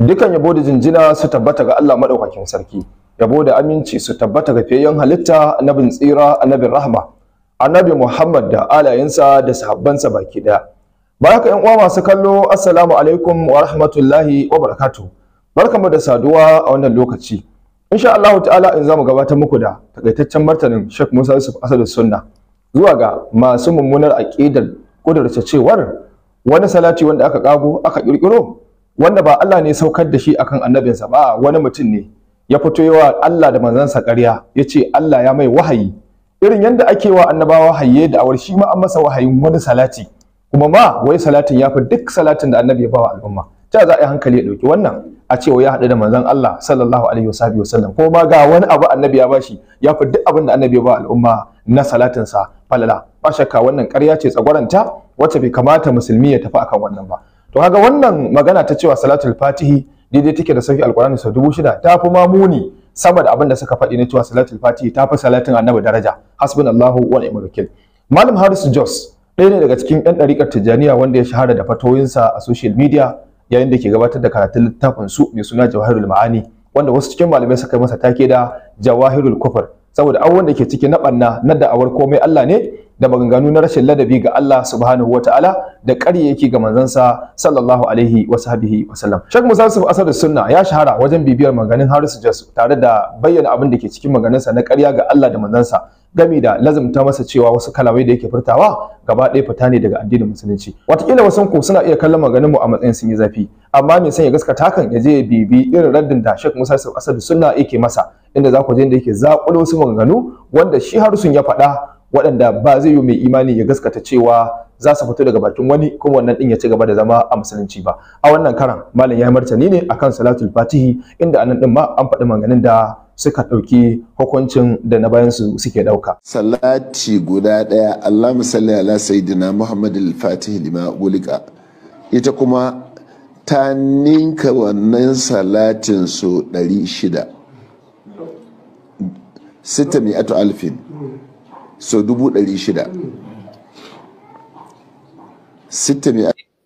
dukan yabo da jinjina su tabbata ga Allah madaukakin sarki yabo da aminci su tabbata ga fiyayyen halitta annabin tsira annabin rahma annabi Muhammad da alayensa da sahabbansa baki daya baraka yan uwa masu kallo assalamu alaikum wa rahmatullahi wa barakatuh barkamu da saduwa a wannan lokaci insha Allah ta'ala in zamu gabatar muku da takaitaccen martanin Sheikh Musa Yusuf Asadus Sunna zuwa ga masu mummunar aqidar kudurce cewar wani salati wanda aka kago aka kirkiro wanda ba Allah ne saukar da shi akan annabinsa ba wani mutum ne ya fito yawa Allah da manzansa ƙarya ya ce Allah ya mai wahayi irin yadda ake wa annabawa wahayi da awar shi ma an masa wahayin wani salati kuma ma wai salatin ya fi duk salatin da annabi ya wa al'umma ta za a yi hankali ya ɗauki wannan a cewa ya haɗu da manzon Allah sallallahu alaihi wa sallam ko ma ga wani abu annabi ya bashi ya fi duk abin da annabi ya ba al'umma na salatinsa falala ba shakka wannan ƙarya ce tsagwaranta wacce bai kamata musulmi ya tafi akan wannan ba to haka wannan magana ta cewa salatul fatihi daidai take da sauki alkurani sau dubu shida ta fi mamuni sama da abin da suka faɗi na cewa salatul fatihi ta fi salatin annabi daraja allahu wa ni'mal wakil malam harris jos ɗaya ne daga cikin ɗan ɗariƙar tijjaniya wanda ya shahara da fatoyinsa a social media yayin da ke gabatar da karatun littafin su mai suna jawahirul ma'ani wanda wasu cikin malamai suka masa take da jawahirul kufur saboda abubuwan da ke ciki na ɓanna na da'awar komai Allah ne da maganganu na rashin ladabi ga Allah subhanahu wa ta'ala da yake ga manzansa sallallahu alaihi wa sahbihi wa sallam Sheikh Musa Yusuf Asad Sunna ya shahara wajen bibiyar maganganun Harisu Jas tare da bayyana abin da ke cikin sa na ƙarya ga Allah da manzansa gami da ta masa cewa wasu kalamai da yake furtawa gaba ɗaya fita ne daga addinin musulunci Wataƙila wasan ku suna iya kallon maganin mu a matsayin sun yi zafi amma mai sanya ya gaskata hakan ya je ya bibi irin raddin da Sheikh Musa Asad Sunna yake masa inda za ku je da yake zaƙulo wasu maganganu wanda shi harsun ya faɗa waɗanda ba zai yi mai imani ya gaskata cewa za su fito daga bakin wani kuma wannan din ya ci gaba da zama a musulunci ba a wannan karan malam ya martani ne akan salatul fatihi inda anan din ma an faɗi maganin da suka ɗauki hukuncin da na bayan su suke ɗauka. Salati guda ɗaya Allah musalli ala sayyidina Muhammad al-Fatih lima ulika ita kuma ta ninka wannan salatin su ɗari shida. alfin. so dubu ɗari shida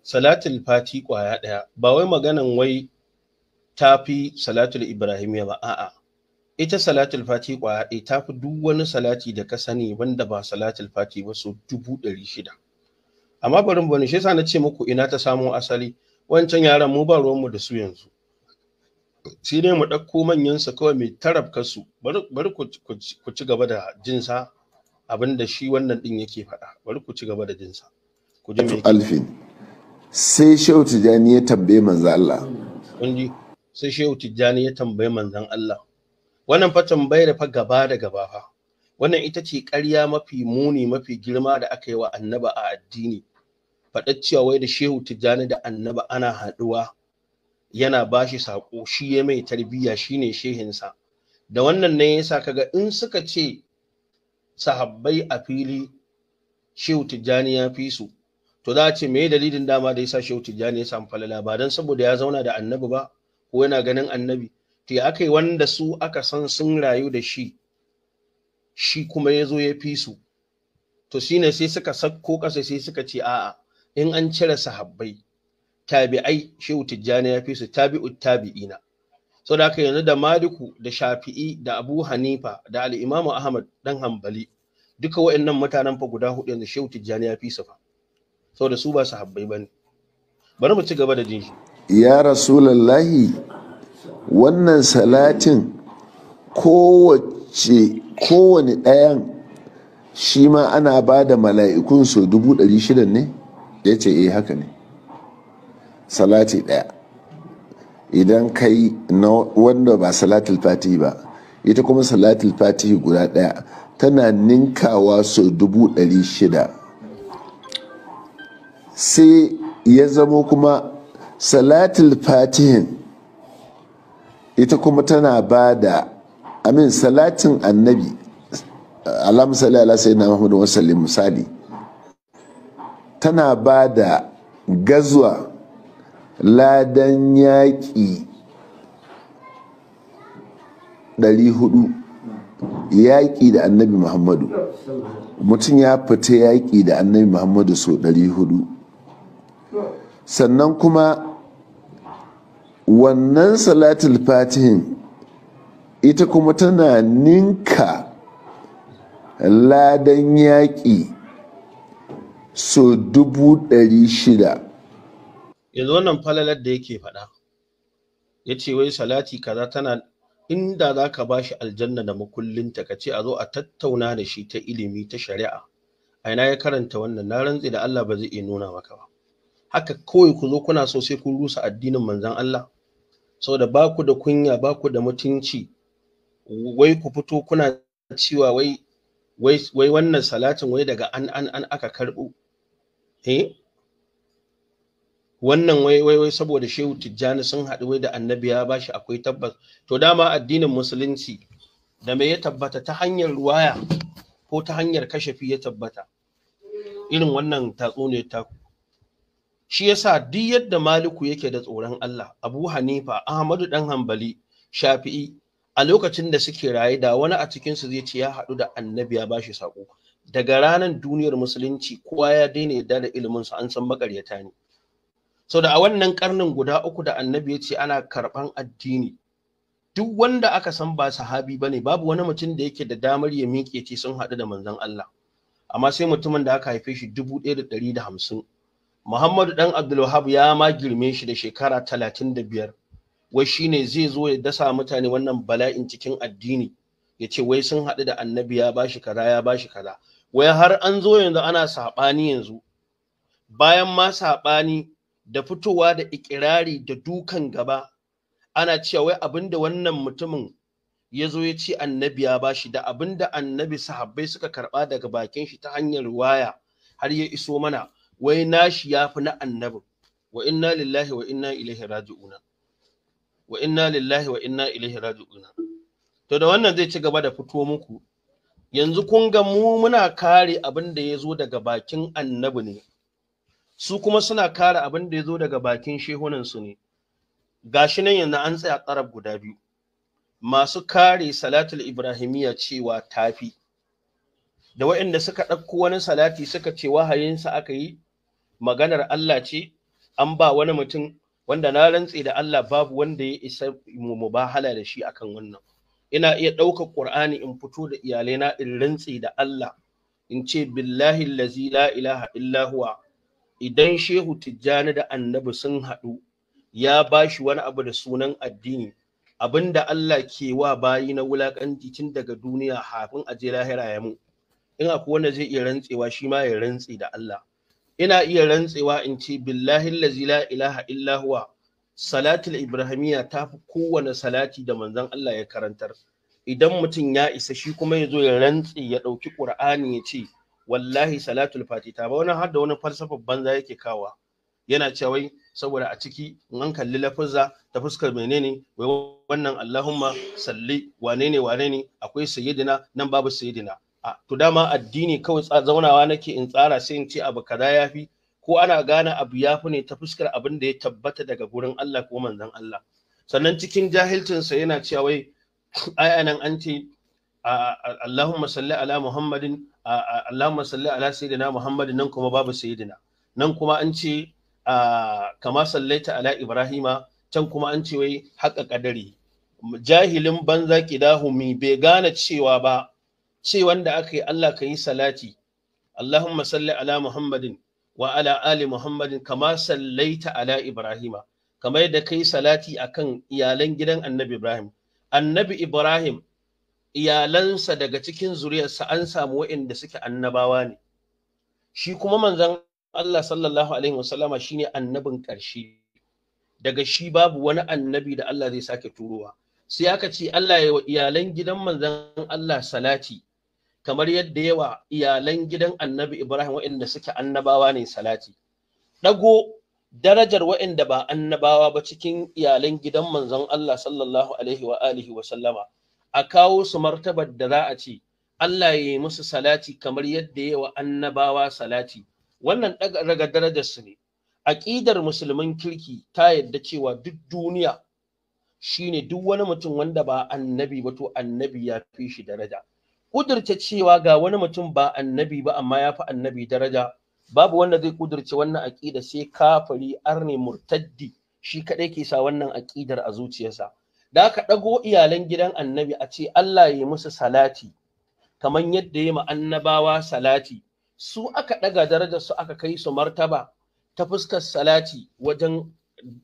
salatul fati ƙwaya ɗaya ba wai maganan wai ta fi salatul ya ba a'a ita salatul fati ƙwaya ɗaya ta fi duk wani salati da ka sani wanda ba salatul fati ba so dubu ɗari shida amma barin bani shi yasa na ce muku ina ta samu asali wancan yaran mu ba ruwanmu da su yanzu Shi ne mu ɗauko manyan manyansa kawai mai tarabka su bari ku ci gaba da jinsa abin da shi wannan din yake faɗa bari ku ci gaba da jinsa ku ji me sai shehu tijani ya tambaye manzon Allah kun ji sai shehu tijani ya tambaye manzon Allah wannan fa tambayar fa gaba da gaba fa wannan ita ce ƙarya mafi muni mafi girma da aka yi wa annaba a addini faɗar cewa wai da shehu tijjani da annaba ana haɗuwa yana ba shi saƙo shi ya mai tarbiyya shine ne shehinsa da wannan ne yasa kaga in suka ce sahabbai a fili shehu tijjani ya fi su to za a ce me dalilin dama da yasa shehu tijjani ya samu falala ba don saboda ya zauna da annabi ba ko yana ganin annabi to ya aka yi wanda su aka san sun rayu da shi shi kuma ya zo ya fi su to shine sai suka sakko kasa sai suka ce a'a in an cire sahabbai tabi'ai shehu tijjani ya fi su tabi'u tabi'ina so da yanzu da maliku da shafi'i da abu hanifa da al'imamu ahmad dan hambali duka wa'annan mutanen fa guda hudu yanzu shehu tijjani ya fi su fa saboda su ba ba bane bari mu ci gaba da jin shi ya rasulallahi wannan salatin kowace kowane ɗayan shi ma ana ba da mala'ikun so dubu ɗari ne ya ce eh haka ne salati ɗaya idan kai na wanda ba salatul fatihi ba ita kuma salatul fatihi guda daya tana ninkawa so dubu dari shida sai ya zamo kuma salatul fatihin ita kuma tana ba da amin salatin annabi alamu salala sai na muhammadu wasallim misali tana ba da gazuwa ladan yaƙi 400 yaƙi da annabi muhammadu mutum ya fita yaƙi da annabi muhammadu so 400 sannan kuma wannan salatul fatihin ita kuma tana ninka ladan yaƙi so dubu ɗari shida yanzu wannan falalar da yake faɗa ya ce wai salati kaza tana inda za ka ba shi aljanna da makullinta ka ce a zo a tattauna da shi ta ilimi ta shari'a a ina ya karanta wannan na rantse da Allah ba zai iya nuna maka ba haka kawai ku zo kuna so sai kun rusa addinin manzon Allah saboda ba ku da kunya ba ku da mutunci wai ku fito kuna cewa wai wai wannan salatin wai daga an an an aka karɓo eh wannan wai wai saboda shehu tijjani sun haɗu wai da annabi ya bashi akwai tabbas to dama addinin musulunci da me ya tabbata ta hanyar ruwaya ko ta hanyar kashafi ya tabbata irin wannan ne ta shi yasa duk yadda maliku yake da tsoron Allah Abu Hanifa Ahmadu dan Hanbali Shafi'i a lokacin da suke raye da wani a cikin su zai ce ya haɗu da annabi ya bashi sako daga ranar duniyar musulunci kowa ya daina yadda da ilimin sa an san makaryata ne so da a wannan karnin guda uku da annabi ya ce ana karɓan addini duk wanda aka san ba sahabi ba ne babu wani mutum da yake da damar ya miƙe ce sun haɗu da manzon Allah amma sai mutumin da aka haife shi dubu ɗaya da ɗari da hamsin Muhammadu ɗan Abdulwahab ya ma girme shi da shekara talatin da biyar wai shine zai zo ya dasa mutane wannan bala'in cikin addini ya ce wai sun haɗu da annabi ya bashi kaza ya bashi kaza wai har an zo yanzu ana saɓani yanzu bayan ma saɓani da fitowa da ikirari da dukan gaba ana cewa wai abinda wannan mutumin ya zo ya ce annabi ya bashi da abinda annabi sahabbai suka karba daga bakin shi ta hanyar waya har ya iso mana wai nashi ya fi na annabin wa inna lillahi wa inna ilaihi raji'una wa inna lillahi wa inna ilaihi raji'una to da wannan zai ci gaba da fito muku yanzu kun ga mu muna kare abin da ya zo daga bakin annabi ne su kuma suna kare abin da ya zo daga bakin shehunansu ne gashi nan yanzu an tsaya tsarab guda biyu masu kare salatul ibrahimiyya cewa tafi da waɗanda suka ɗauko wani salati suka ce wahayinsa aka yi maganar Allah ce an ba wani mutum wanda na rantse da Allah babu wanda ya isa mu mubahala da shi akan wannan ina iya ɗaukar ƙur'ani in fito da iyalaina in rantse da Allah in ce billahi allazi la ilaha illa huwa idan shehu tijjani da annabi sun haɗu ya ba shi wani abu da sunan addini abin da Allah ke wa bayi na wulaƙanci tun daga duniya hafin a aje lahira ya mu in akwai wanda zai iya rantsewa shi ma ya rantse da Allah ina iya rantsewa in ce billahi allazi la ilaha illa huwa salatul ibrahimiya ta fi kowane salati da manzon Allah ya karantar idan mutum ya isa shi kuma ya zo ya rantse ya ɗauki ƙur'ani ya ce wallahi salatul fati ta ba wani har da wani falsafa banza yake kawa yana cewa saboda a ciki in an kalli lafazza ta fuskar menene wai wannan Allahumma salli wane ne wane ne akwai sayyidina nan babu sayyidina a to dama addini kawai zaunawa nake in tsara sai in ce abu kaza yafi ko ana gane abu yafi ne ta fuskar abin da ya tabbata daga gurin Allah ko manzon Allah sannan cikin jahilcin sa yana cewa wai ai anan an ce Allahumma salli ala Muhammadin Allahumma salli ala sayyidina Muhammad nan kuma babu sayyidina nan kuma an ce kama sallaita ala Ibrahima can kuma an ce wai haƙa kadari jahilin banza kidahumi bai gane cewa ba ce wanda aka yi Allah ka yi salati Allahumma salli ala Muhammadin wa ala ali Muhammadin kama sallaita ala Ibrahima kamar yadda yi salati akan iyalan gidan Annabi Ibrahim Annabi Ibrahim iyalansa daga cikin zuriyarsa an samu waɗanda suke annabawa ne shi kuma manzon Allah sallallahu alaihi wasallama shine annabin ƙarshe daga shi babu wani annabi da Allah zai sake turowa sai aka ce Allah ya wa iyalan gidan manzon Allah salati kamar yadda yawa iyalan gidan annabi Ibrahim waɗanda suke annabawa ne salati Ɗago, darajar waɗanda ba annabawa ba cikin iyalan gidan manzon Allah sallallahu alaihi wa alihi wa sallama a kawo su martabar da za a ce Allah ya yi musu salati kamar yadda ya wa annabawa salati wannan daga darajar su ne aƙidar musulmin kirki ta yadda cewa duk duniya shine duk wani mutum wanda ba annabi ba to annabi ya fi shi daraja Kudurce cewa ga wani mutum ba annabi ba amma ya fi annabi daraja babu wanda zai kudurce wannan aƙida sai kafiri arne murtaddi shi kadai ke sa wannan aƙidar a zuciyarsa da aka ɗago iyalan gidan annabi a ce Allah ya yi musu salati kamar yadda ya annabawa salati su aka ɗaga darajar su aka kai su martaba ta fuskar salati wajen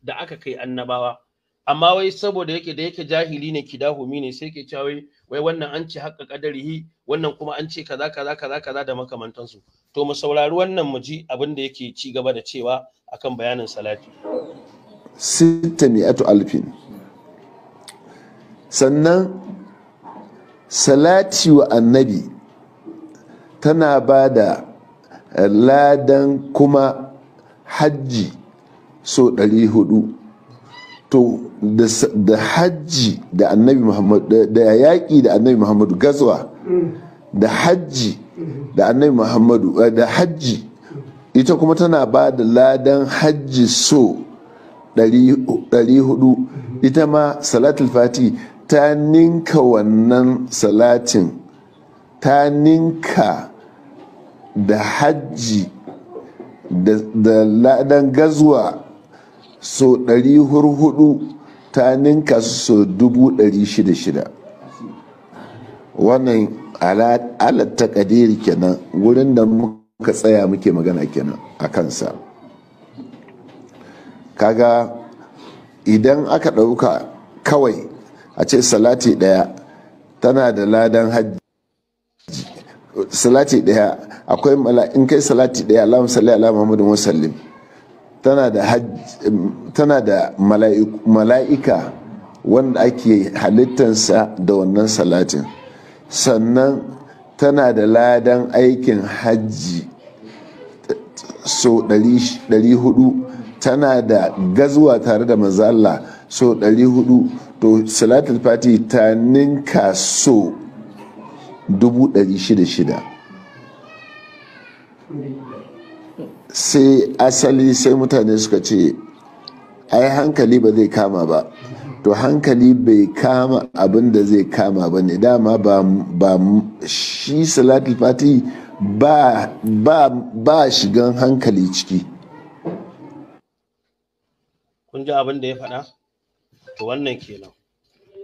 da aka kai annabawa amma wai saboda yake da yake jahili ne kidahumi ne sai ke cewa wai wannan an ce haƙƙa kadarihi wannan kuma an ce kaza kaza kaza kaza da makamantansu to mu saurari wannan mu ji abin da yake ci gaba da cewa akan bayanin salati sitta mi'atu alfin sannan salati wa annabi tana ba da eh, ladan kuma hajji so 400 to da hajji da annabi muhammadu da yaƙi da annabi muhammadu gazuwa da hajji da annabi muhammadu eh, da hajji ita kuma tana ba da ladan hajji so 400 ita ma salatul fati ta ninka wannan salatin ta ninka da hajji da ladan gazuwa so ɗari hurhudu ta ninka so dubu ɗari shida shida wannan alatta kadiri kenan wurin da muka tsaya muke magana kenan a kansa kaga idan aka ɗauka kawai a ce salati ɗaya tana da ladan hajji salati ɗaya akwai in kai salati ɗaya alamun salli ala muhammadin musallim tana da tana da mala'ika wanda ake halittansa da wannan salatin sannan tana da ladan aikin hajji so 400 tana da gazuwa tare da mazalla so 400 to salatul fati ta ninka so dubu sai asali sai mutane suka ce ai hankali ba zai kama ba to hankali bai kama abin da zai kama ba ne dama ba shi salatul fati ba ba shigan hankali ciki kun ji abin da ya faɗa to wannan kenan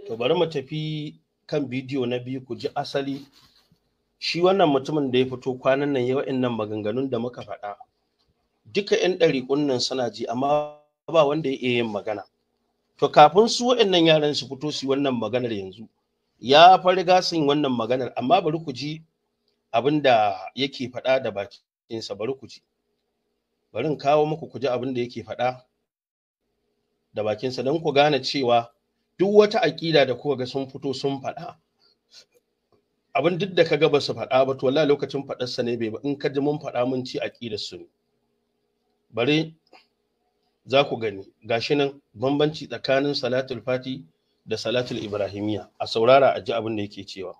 to bari mu tafi kan bidiyo na biyu ku ji asali shi wannan mutumin da ya fito kwanan nan ya wa'annan maganganun da muka faɗa duka 'yan ɗari nan suna ji amma ba wanda ya iya yin magana to kafin su wa'annan yaran su fito su wannan maganar yanzu ya farga gasin wannan maganar amma bari ku ji abin da yake faɗa da bakinsa bari ku ji bari kawo muku ku ji abin da yake faɗa da bakinsa don ku gane cewa duk wata aƙida da kuka ga sun fito sun faɗa abin duk da kaga ba su faɗa ba to wallahi lokacin faɗarsa ne bai ba in ka ji mun faɗa mun ci aƙidar su ne bare za ku gani gashi nan bambanci tsakanin salatul fati da salatul ibrahimiya a saurara a ji abin da yake cewa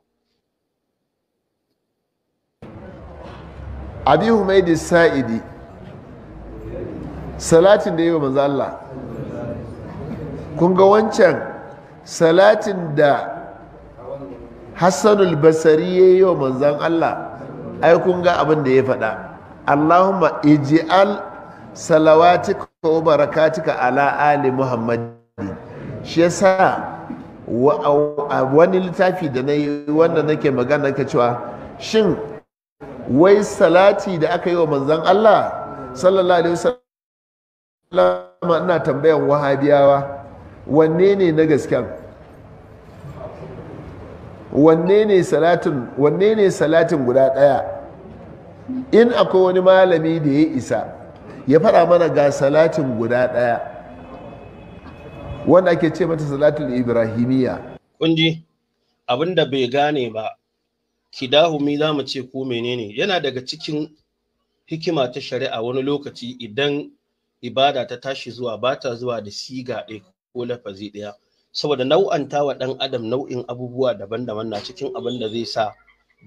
abi humaidi sa'idi salatin da yi wa manzo Allah kun ga wancan salatin da hassanul basari ya yi wa manzan Allah ai kun ga abin da ya faɗa Allahumma al salawatika wa barakatika ala ali muhammad shi yasa wani littafi da na yi wanda nake magana ka cewa shin wai salati da aka yi wa manzan Allah sallallahu alaihi wasallam ina tambayan wahabiyawa wanne ne na gasken wanne ne salatin guda ɗaya in akwai wani malami da ya isa ya fara mana ga salatin guda ɗaya wanda ake ce mata salatin ibrahimiyya kunji abinda bai gane ba kidahumi za mu ce ko menene yana daga cikin hikima ta shari'a wani lokaci idan ibada ta tashi zuwa ba ta zuwa da siga ɗaya ko lafazi ɗaya saboda nau'anta wa ɗan adam nau'in abubuwa daban-daban na cikin abin da zai sa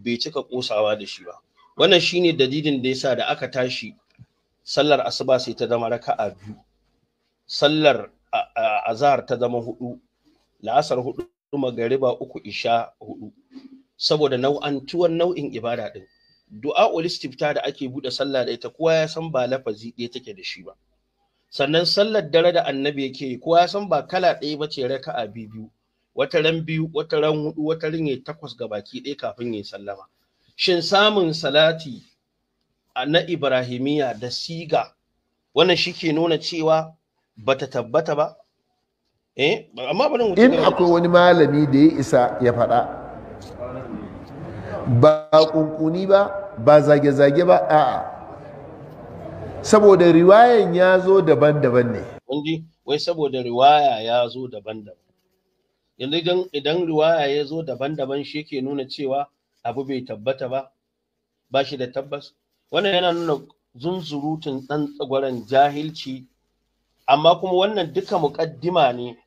bai cika kosawa da shi ba wannan shine dalilin da yasa da aka tashi sallar asuba sai ta zama raka'a biyu sallar azhar ta zama hudu la'asar hudu magariba uku isha hudu saboda nau'antuwan nau'in ibada din du'a ulistifta da ake buɗe sallah da ita kowa ya san ba lafazi ɗaya take da shi ba sannan sallar dare da annabi yake yi kowa ya san ba kala ɗaya ba ce a biyu wata ran biyu wata ran hudu wata ran yayi takwas ga baki ɗaya kafin yayi sallama shin samun salati na ibrahimiya da siga wannan shi ke nuna cewa bata tabbata ba eh, in akwai wani malami da ya isa ya faɗa ba kunkuni ba ba zage-zage ba a'a saboda riwayan ya zo daban-daban ne wai saboda riwaya ya zo daban-daban yanzu idan riwaya ya zo daban-daban shi ke nuna cewa abu bai tabbata ba ba shi da tabbas wannan yana nuna zunzurutun ɗan tsagwaron jahilci amma kuma wannan duka muƙaddima ne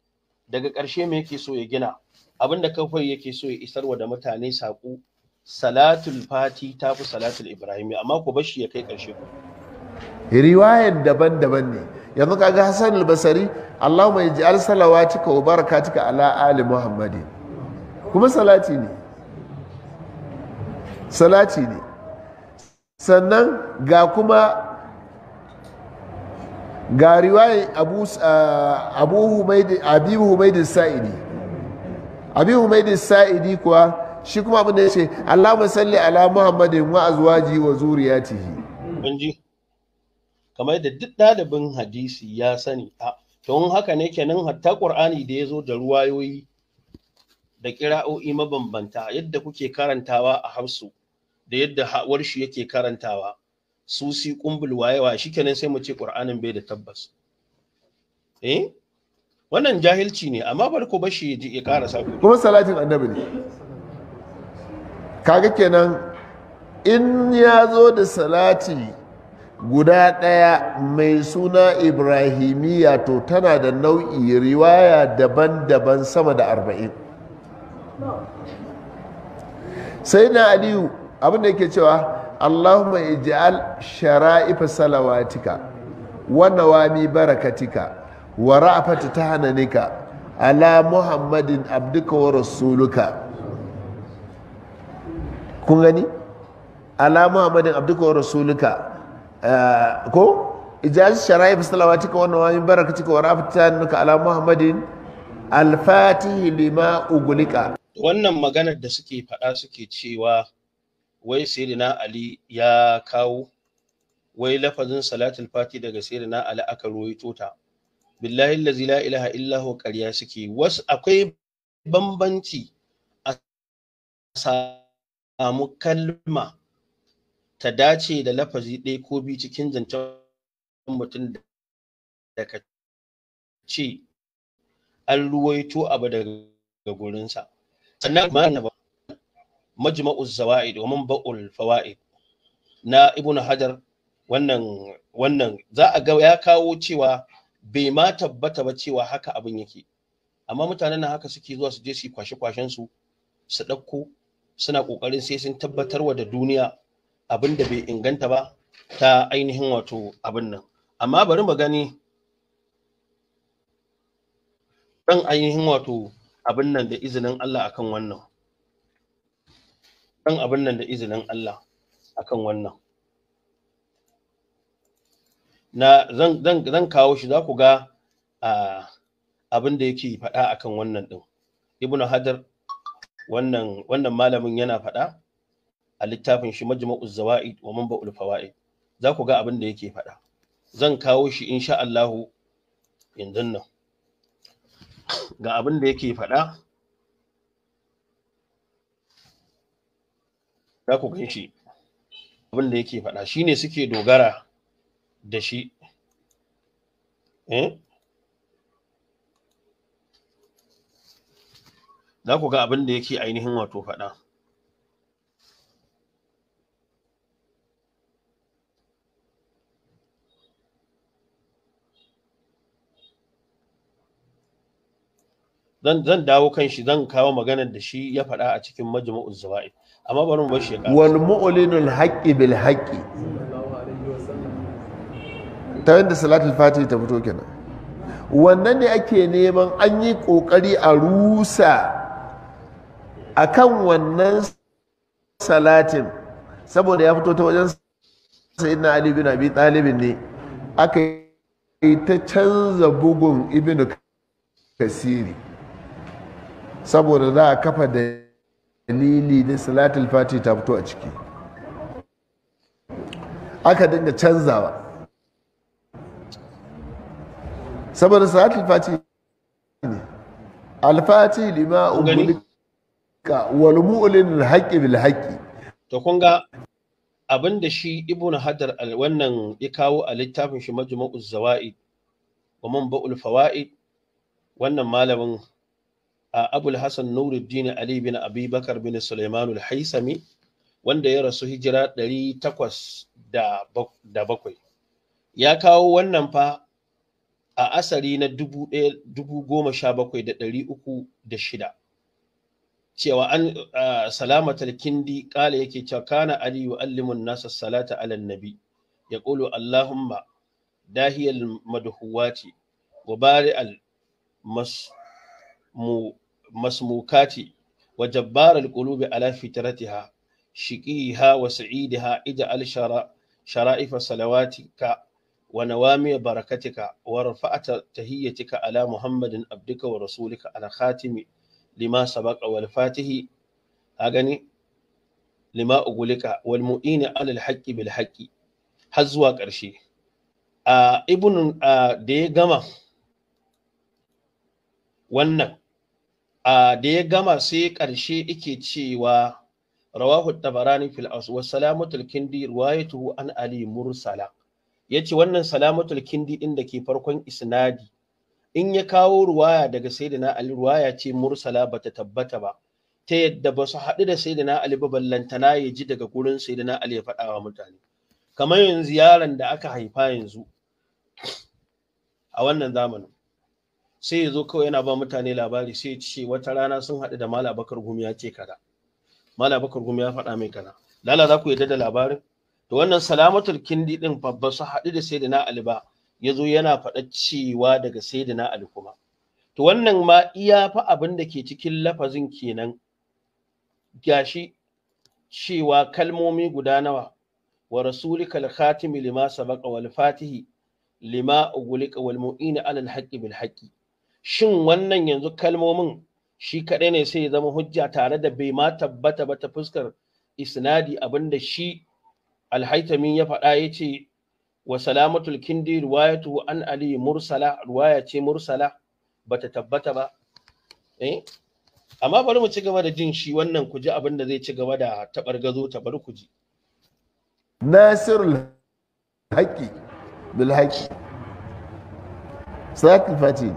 daga ƙarshe me yake so ya gina abin da kawai yake so ya isarwa da mutane saƙo salatul fati ta fi salatul ibrahim amma ku bashi ya kai ƙarshe ku riwayar daban-daban ne yanzu kaga Hassan al mai ji al'salawa cika, wa cika ala ali Muhammadin kuma salati ne salati ne sannan ga kuma ga riwayar abu humaidin sa'idi abi humaidin sa'idi kuwa shi kuma abin da ya ce allama salli ala muhammadin wa azwaji wa zuriyatihi kamar da duk ɗalibin hadisi ya sani a to haka ne kenan hatta qur'ani da ya zo da ruwayoyi da kira'o'i mabambanta yadda kuke karantawa a hafsu da yadda hawar shi yake karantawa susi kumbul wayewa shikenan sai mu ce qur'anin bai da tabbas eh wannan jahilci ne amma barko bashi ya karasa kuma salatin annabi ne kaga kenan in ya zo da salati guda ɗaya mai suna ibrahimiyya to tana da nau'i riwaya daban-daban sama da arba'in sai na aliyu abinda yake cewa allahumma ij'al shara'ifa salawatika wa nawami barakatika wa ra'afata tahananika ala muhammadin abduka wa rasuluka kun gani ala muhammadin abduka wa rasuluka Eh, ko ijazi shara'i salawati ka wannan wani barakatuka wa rafatan nuka ala muhammadin alfatihi lima ugulika wannan maganar da suke faɗa suke cewa wai sayyidina ali ya kawo wai lafazin salatul fati daga sayyidina ali aka ruwaito ta billahi allazi la ilaha illa huwa ƙarya suke wasu akwai bambanci a samu kalma ta dace da lafazi ɗaya ko biyu cikin zancen mutum da ka ce an ruwaito abu daga gurinsa sannan ma'ana ba majma'u zawa'id wa man ba'ul fawaid na ibnu hajar wannan wannan za a ga ya kawo cewa bai ma tabbata ba cewa haka abin yake amma mutanen nan haka suke zuwa su je su kwashe kwashen su su ɗauko suna ƙoƙarin sai sun tabbatarwa da duniya abin da bai inganta ba ta ainihin wato abin nan amma bari mu gani ɗan ainihin wato abin nan da izinin Allah akan wannan ɗan abin nan da izinin Allah akan wannan na zan kawo shi za ku ga abin da yake faɗa akan wannan ɗin ibnu hajar wannan malamin yana faɗa a littafin shi majma'uz zawaid wa manba'ul fawaid za ku ga abin da yake faɗa zan kawo shi insha Allah yanzu nan ga abin da yake faɗa za ku gan shi abin da yake faɗa shine suke dogara da shi eh? za ku ga abin da yake ainihin wato faɗa zan dawo kan shi zan kawo maganar da shi ya faɗa a cikin majmu'uz zawaid amma bari mu bar shi wal mu'linul haqqi bil haqqi ta yadda salatul fatih ta fito kenan wannan ne ake neman an yi kokari a rusa akan wannan salatin saboda ya fito ta wajen sayyidina ali bin abi talibin ne aka yi ta canza bugun ibnu kasiri saboda za a kafa dalili na salatul fati ta fito a ciki aka dinga canzawa saboda salatul fati ne alfati lima umulika wal mu'lin haqqi bil haqqi to kun ga abin da shi ibn hadar wannan ya kawo a littafin shi majmu'uz zawaid wa man ba'ul fawaid wannan malamin abul hassan Dina ali bin abi bakar bin suleiman haisami wanda ya rasu hijira 807 ya kawo wannan fa a asari na 107,306 cewa an salamatar kindi kala yake cewa kana ali yu'allimun nasa salata ala nabi ya ƙulu allahumma dahiyal madhuwati wa bari'al mas masmukati wa jabbarar qulubi ala fitratiha shiqiha wa sa'idiha ij'al shara shara'ifa salawatika wa nawami barakatika wa rafa'ata tahiyyatika ala muhammadin abdika wa rasulika ala khatimi lima sabaqa wal fatihi a gani lima ugulika wal mu'ina ala al haqqi bil haqqi har zuwa ƙarshe a ibn da ya gama wannan da ya gama sai ƙarshe ike cewa rawahu tabarani fil wa salamatul kindi riwayatuhu an ali mursala yace wannan salamatul kindi ɗin da ke farkon isnadi in ya kawo ruwaya daga sayyidina ali ruwaya ce mursala bata tabbata ba ta yadda ba su haɗu da sayyidina ali ba ballantana ya ji daga gurin sayyidina ali ya faɗa wa mutane kamar yanzu yaron da aka haifa yanzu a wannan zamanin sai ya zo kawai yana ba mutane labari sai ya ce wata rana sun haɗu da mala bakar gumi ya ce kaza mala bakar gumi ya faɗa mai kada. lala za ku yarda da labarin to wannan salamatul kindi din babba su haɗu da na ali ba ya zo yana faɗa cewa daga na ali kuma to wannan ma iya fa abin da ke cikin lafazin kenan gashi cewa kalmomi guda nawa wa al khatimi lima sabaqa wal fatihi lima ugulika wal mu'ina ala al haqqi bil haqqi shin wannan yanzu kalmomin shi kaɗai ne sai ya zama hujja tare da bai ma tabbata ba ta fuskar isnadi abinda shi Alhaitami ya faɗa ya ce wa salamatul kindi ruwayatu an ali mursala ruwaya ce mursala ba ta tabbata ba eh? amma bari mu ci gaba da jin shi wannan ku ji abin da zai ci gaba da tabargazo ta bari ku ji nasirul haqqi bil haqqi sakil fatih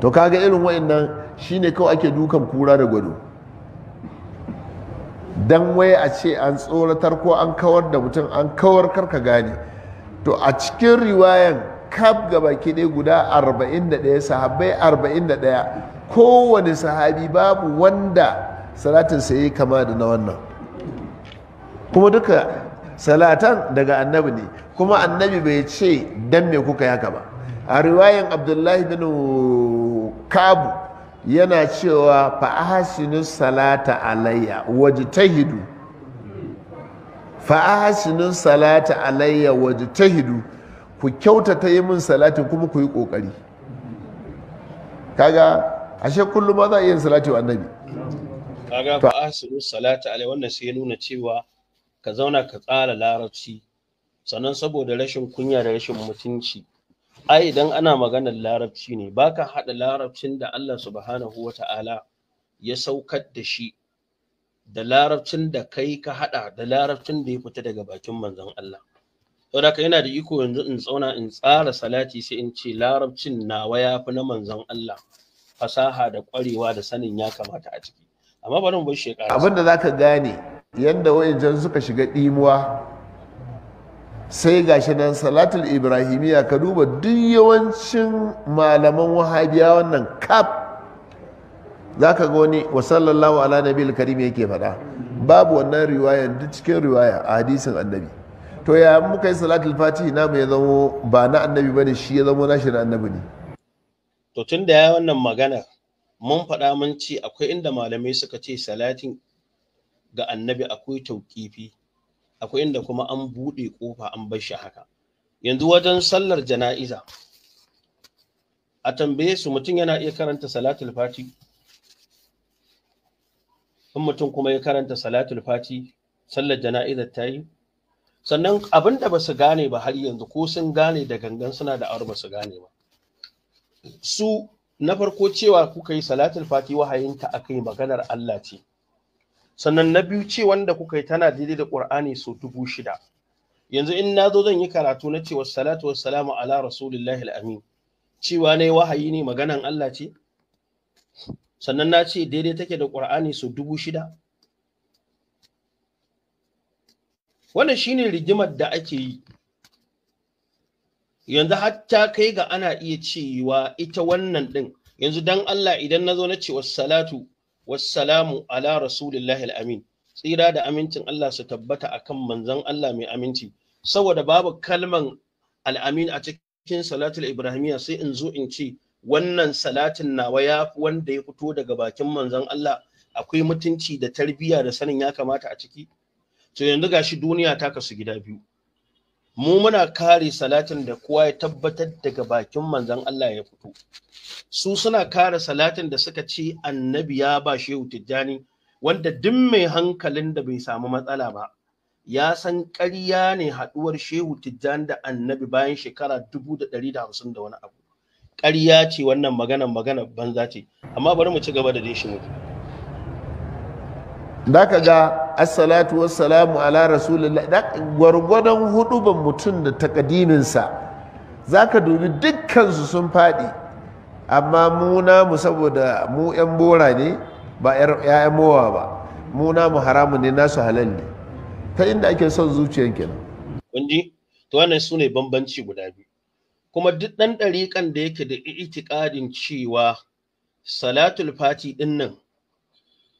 to kaga irin wayannan shine kawai ake dukan kura da gwado dan waye a ce an tsoratar ko an kawar da mutum an kawar karka gane to a cikin riwayan kaf baki ɗaya guda 41 sahabbai 41 kowane sahabi babu wanda salatinsa ya yi kama da na wannan kuma duka salatan daga annabi ne kuma annabi bai ce dan me kuka yaka ba a riwayan abdullahi bin kabu yana cewa fa'ahasinu salata alayya waje ta wajtahidu fa'ahasinu salata alayya waje ta hidu, ku kyautata yi min salati kuma ku yi kokari kaga ashe kullum ma za a yi salati wa annabi kaga fa'ahasinu salata alayya wannan sai nuna cewa ka zauna ka tsara larabci sannan saboda rashin kunya da rashin mutunci ai idan ana maganar larabci ne baka haɗa larabcin da Allah subhanahu wa ya saukar da shi da larabcin da kai ka haɗa da larabcin da ya fita daga bakin manzon Allah saboda ka yana da iko yanzu in tsauna in tsara salati sai in ce larabcin nawa ya fi na manzon Allah fasaha da ƙwarewa da sanin ya kamata a ciki amma barin mu bar shekara abin da zaka gane yanda jan suka shiga dimuwa sai shi nan salatul ibrahimiyya ka duba duk yawancin malaman wahabiya wannan kaf za ka ga wani wasallallahu sallallahu ala nabil karim yake faɗa babu wannan riwayan duk cikin riwaya a hadisin annabi to ya muka yi salatul fatihi na mu ya zamo ba na annabi ba ne, shi ya zamo nashi na annabi ne to tun da ya wannan magana mun faɗa mun ce akwai inda malamai suka ce salatin ga annabi akwai tauƙifi akwai inda kuma an buɗe ƙofa an bar shi haka yanzu wajen sallar jana'iza a tambaye su mutum yana iya karanta salatul fati in mutum kuma ya karanta salatul fati sallar jana'iza ta yi sannan abinda ba su gane ba har yanzu ko sun gane da gangan suna da aure ba su gane ba su na farko cewa kuka yi salatul fati wahayinta akai maganar Allah ce sannan na biyu ce wanda kuka yi tana daidai da ƙur'ani sau dubu shida yanzu in na zo zan yi karatu na cewa salatu wassalamu ala rasulillahi al'amin cewa ne wahayi ne maganan Allah ce sannan na ce daidai take da ƙur'ani sau dubu shida wannan shine rigimar da ake yi yanzu hatta kai ga ana iya cewa ita wannan ɗin yanzu dan Allah idan na zo na ce salatu. wassalamu ala rasulillahi al tsira da amincin Allah su tabbata akan manzon Allah mai aminci saboda babu kalman al-amin a cikin salatul ibrahimiyya sai in zo in ce wannan salatin nawa ya wanda ya fito daga bakin manzon Allah akwai mutunci da tarbiyya da sanin ya kamata a ciki to yanzu gashi duniya ta kasu gida biyu mu muna kare salatin da kowa ya tabbatar daga bakin manzon Allah ya fito su suna kare salatin da suka ce annabi ya ba shehu tijjani wanda duk mai hankalin da bai samu matsala ba ya san ƙarya ne haɗuwar shehu tijjani da annabi bayan shekara dubu da ɗari da hamsin da wani abu ƙarya ce wannan magana magana banza ce amma bari mu ci gaba da dai shi mutu da ka ga assalatu wassalamu ala rasulillah gwargwadon huduban mutum da takadiminsa za ka dubi dukkansu sun faɗi amma mu saboda mu 'yan bora ne ba 'ya'yan mowa ba mu haramu haramun ne nasu halal ne ta inda ake son zuciyan kenan kun ji to wannan su ne bambanci guda biyu kuma duk ɗan ɗariƙan da yake da itikadin cewa salatul fati ɗin nan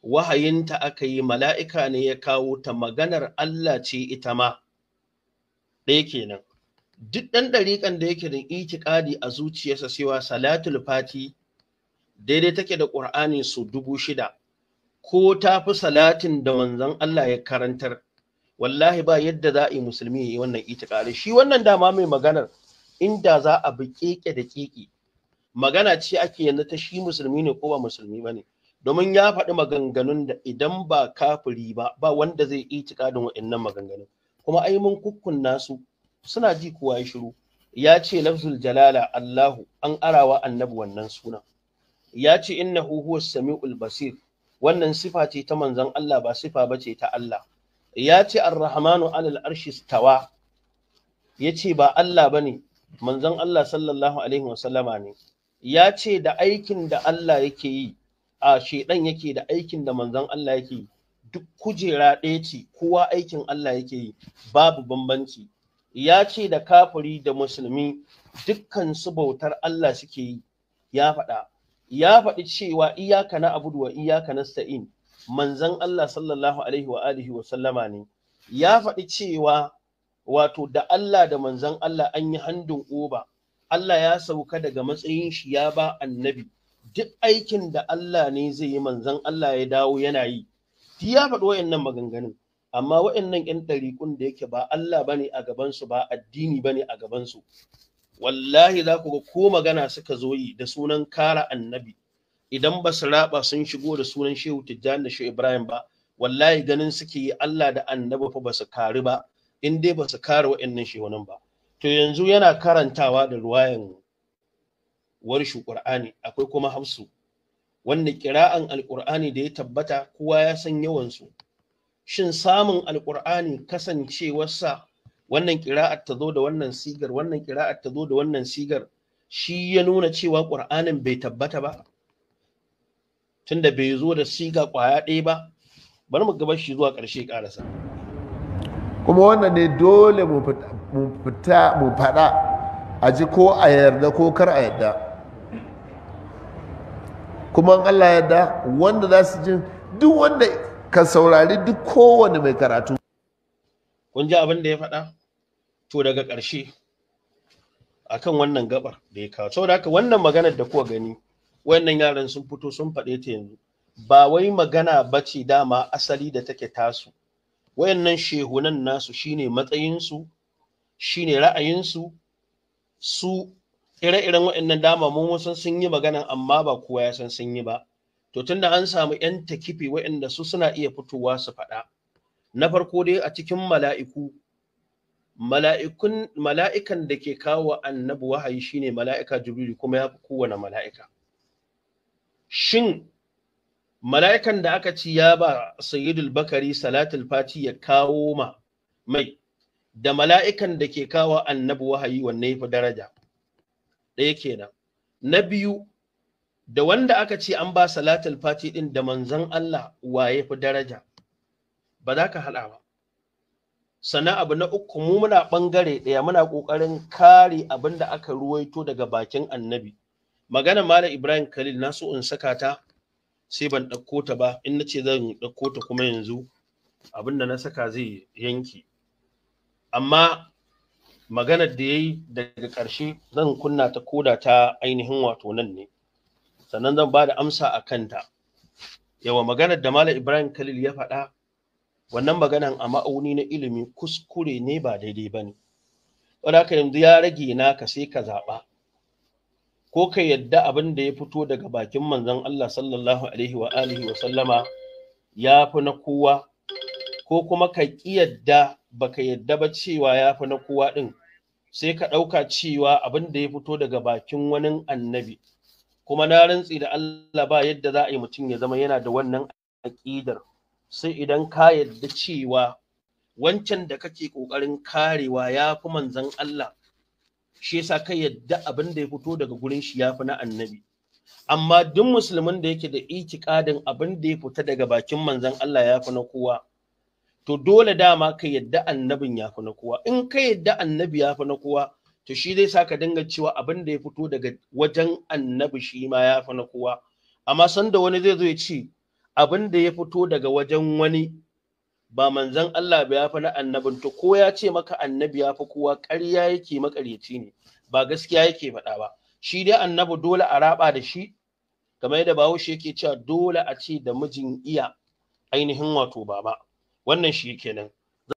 wahayinta aka yi mala'ika ne ya kawo ta maganar Allah ce ita ma ɗaya kenan duk ɗan ɗariƙan da yake da itiƙadi a zuciyarsa cewa salatul fati daidai take da ƙur'ani su dubu shida ko ta fi salatin da manzon Allah ya karantar wallahi ba yadda za a yi musulmi ya yi wannan itikadi shi wannan dama mai maganar inda za a bi keke da keke magana ce ake yanzu ta shi musulmi ne ko ba musulmi ba ne domin ya faɗi maganganun da idan ba kafiri ba ba wanda zai itikadin wa'annan maganganun kuma ai mun kukkun nasu. suna ji kuwa ya shiru ya ce lafzul jalala Allahu an arawa annabi wannan suna ya ce innahu huwa sami'ul basir wannan sifa ce ta manzon Allah ba sifa bace ta Allah ya ce ar alal arshi stawa ya ce ba Allah bane manzon Allah sallallahu alaihi wasallama ne ya ce da aikin da Allah yake yi a shedan yake da aikin da manzon Allah yake duk kujera ɗaya ce kowa aikin Allah yake yi babu bambanci ya ce da kafiri da musulmi dukkan su bautar Allah suke yi ya faɗa ya faɗi cewa iyaka na abudu wa iyaka nasta'in manzon Allah sallallahu alaihi wa alihi wa sallama ne ya faɗi cewa wato da Allah da manzon Allah an yi handun oba Allah ya sauka daga matsayin shi ya ba annabi duk aikin da Allah ne zai yi manzan Allah ya dawo yana yi ti ya faɗi wayannan maganganun amma wayannan 'yan ɗarikun da yake ba Allah bane a gabansu ba addini bane a gabansu. wallahi za ku ga ko magana suka zo yi da sunan kara annabi idan ba su raba sun shigo da sunan Shehu Tijjani da Shehu Ibrahim ba wallahi ganin suke yi Allah da annabi fa ba su kari ba in dai ba su kare wayannan shehunan ba to yanzu yana karantawa da ruwayan warshu qur'ani akwai kuma hafsu wanda kira'an alqur'ani da ya tabbata kowa ya san yawan su shin samun alqur'ani kasancewarsa wannan kira'ar ta zo da wannan sigar wannan kira'ar ta zo da wannan sigar shi ya nuna cewa qur'anin bai tabbata ba tunda bai zo da siga kwaya ɗaya ba bari mu gabar shi zuwa ƙarshe ƙarasa kuma wannan ne dole mu fita mu faɗa a ji ko a yarda ko kar a yarda kuma Allah ya da wanda za su jin duk wanda ka saurari duk kowane mai karatu kun ji abin da ya faɗa to daga ƙarshe akan wannan gabar da ya kawo saboda haka wannan maganar da kuwa gani wannan yaran sun fito sun faɗe ta yanzu ba wai magana ba ce dama asali da take tasu wayannan shehunan nasu shine matsayinsu shine ra'ayinsu su ire-iren waɗannan dama mun san sun yi magana amma ba kowa ya san sun yi ba to tunda an samu yan takifi waɗanda su suna iya fitowa su faɗa na farko dai a cikin mala'iku mala'ikun mala'ikan da ke kawo annabi wahayi shine mala'ika jibrilu kuma ya fi kowane mala'ika shin mala'ikan da aka ci ya ba sayyidul bakari salatul fati ya kawo ma mai da mala'ikan da ke kawo annabi wahayi wanne ya fi daraja ɗaya kenan na biyu da wanda aka ce an ba salatul fati din da manzon Allah waye fi daraja ba za ka haɗa ba sannan abu na uku mu muna ɓangare ɗaya muna ƙoƙarin kare abin da aka ruwaito daga bakin annabi magana malam ibrahim khalil na so in saka ta sai ban ɗauko ta ba in na ce zan ɗauko ta kuma yanzu abin da na saka zai yanki amma maganar da ya yi daga ƙarshe zan kunna ta koda ta ainihin wato nan ne sannan zan ba da amsa a kanta yawa maganar da Malam Ibrahim Khalil ya faɗa wannan maganan a ma'auni na ilimi kuskure ne ba daidai ba ne wadda haka yanzu ya rage na ka sai ka zaɓa ko ka yadda abin da ya fito daga bakin manzon Allah sallallahu alaihi wa alihi wa ya fi na kowa ko kuma ka ƙi yadda baka yadda ba cewa ya fi na kowa ɗin sai ka ɗauka cewa abin da ya fito daga bakin wani annabi kuma na rantsi da Allah ba yadda za a yi mutum ya zama yana da wannan aƙidar sai idan ka yadda cewa wancan da kake ƙoƙarin karewa ya fi manzan Allah shi yasa ka yadda abin da ya fito daga gurin shi ya fi na annabi amma duk musulmin da yake da itikadin abin da ya fita daga bakin manzan Allah ya fi na kowa to dole dama ka yadda annabin ya fi na kowa in ka yadda annabi ya fi na kowa to shi zai sa ka dinga cewa abin da ya fito daga wajen annabi shi ma ya fi na kowa amma sanda wani zai zo ya ce abin da ya fito daga wajen wani ba manzan Allah ba ya fi na annabin to ko ya ce maka annabi ya fi kowa ƙarya yake makaryaci ne ba gaskiya yake faɗa ba shi dai annabi dole a raba da shi kamar yadda bahaushe yake cewa dole a ce da mijin iya ainihin wato baba wannan shi kenan